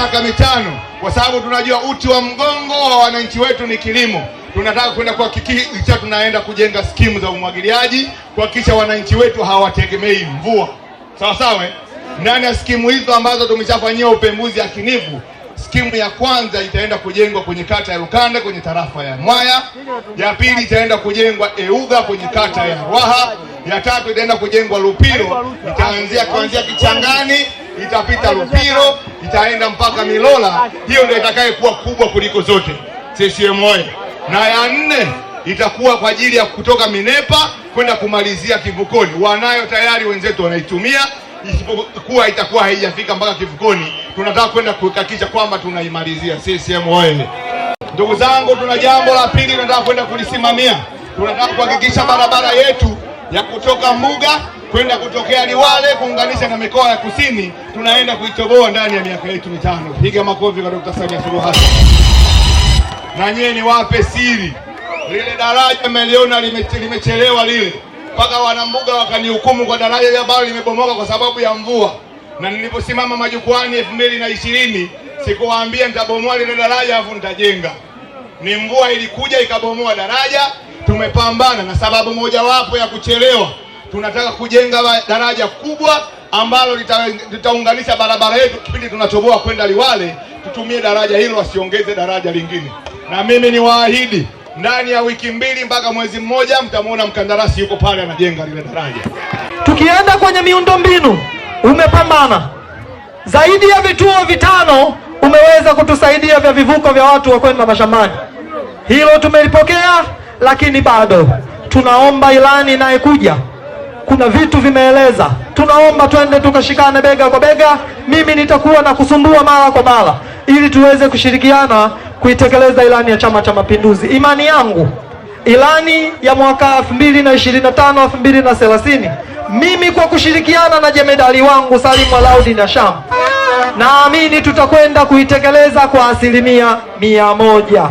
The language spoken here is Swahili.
miaka mitano, kwa sababu tunajua uti wa mgongo wa wananchi wetu ni kilimo. Tunataka kwenda kuhakikisha tunaenda kujenga skimu za umwagiliaji kuhakikisha wananchi wetu hawategemei mvua, sawa sawa. Eh? Ndani ya skimu hizo ambazo tumeshafanyia upembuzi yakinifu, skimu ya kwanza itaenda kujengwa kwenye kata ya Lukanda kwenye tarafa ya Mwaya, ya pili itaenda kujengwa Euga kwenye kata ya Rwaha, ya tatu itaenda kujengwa Lupilo, itaanzia kuanzia Kichangani itapita Lupiro, itaenda mpaka Milola. Hiyo ndio itakayekuwa kubwa kuliko zote CCM oye. Na ya nne itakuwa kwa ajili ya kutoka Minepa kwenda kumalizia Kivukoni. Wanayo tayari wenzetu wanaitumia, isipokuwa itakuwa haijafika mpaka Kivukoni. Tunataka kwenda kuhakikisha kwamba tunaimalizia. CCM oye! Ndugu zangu, tuna jambo la pili tunataka kwenda kulisimamia. Tunataka kuhakikisha barabara yetu ya kutoka Mbuga kwenda kutokea Liwale kuunganisha na mikoa ya kusini, tunaenda kuitoboa ndani ya miaka yetu mitano. Piga makofi kwa Dkt. Samia Suluhu Hassan. Na nyie niwape siri, lile daraja mmeliona limechelewa lile, mpaka wanambuga wakanihukumu kwa daraja la ambalo limebomoka kwa sababu ya mvua, na niliposimama majukwani elfu mbili na ishirini sikuwaambia nitabomoa lile daraja alafu nitajenga. Ni mvua ilikuja ikabomoa daraja, tumepambana na sababu mojawapo ya kuchelewa tunataka kujenga daraja kubwa ambalo litaunganisha barabara yetu. Kipindi tunachoboa kwenda Liwale, tutumie daraja hilo, wasiongeze daraja lingine. Na mimi niwaahidi, ndani ya wiki mbili mpaka mwezi mmoja mtamwona mkandarasi yuko pale anajenga lile daraja. Tukienda kwenye miundombinu, umepambana zaidi ya vituo vitano, umeweza kutusaidia vya vivuko vya watu wa kwenda mashambani, hilo tumelipokea, lakini bado tunaomba ilani kuja kuna vitu vimeeleza, tunaomba twende tukashikane bega kwa bega. Mimi nitakuwa na kusumbua mara kwa mara, ili tuweze kushirikiana kuitekeleza ilani ya Chama cha Mapinduzi. Imani yangu ilani ya mwaka elfu mbili na ishirini na tano elfu mbili na thelathini mimi kwa kushirikiana na jemedali wangu Salim Alaudin Asham naamini tutakwenda kuitekeleza kwa asilimia mia moja.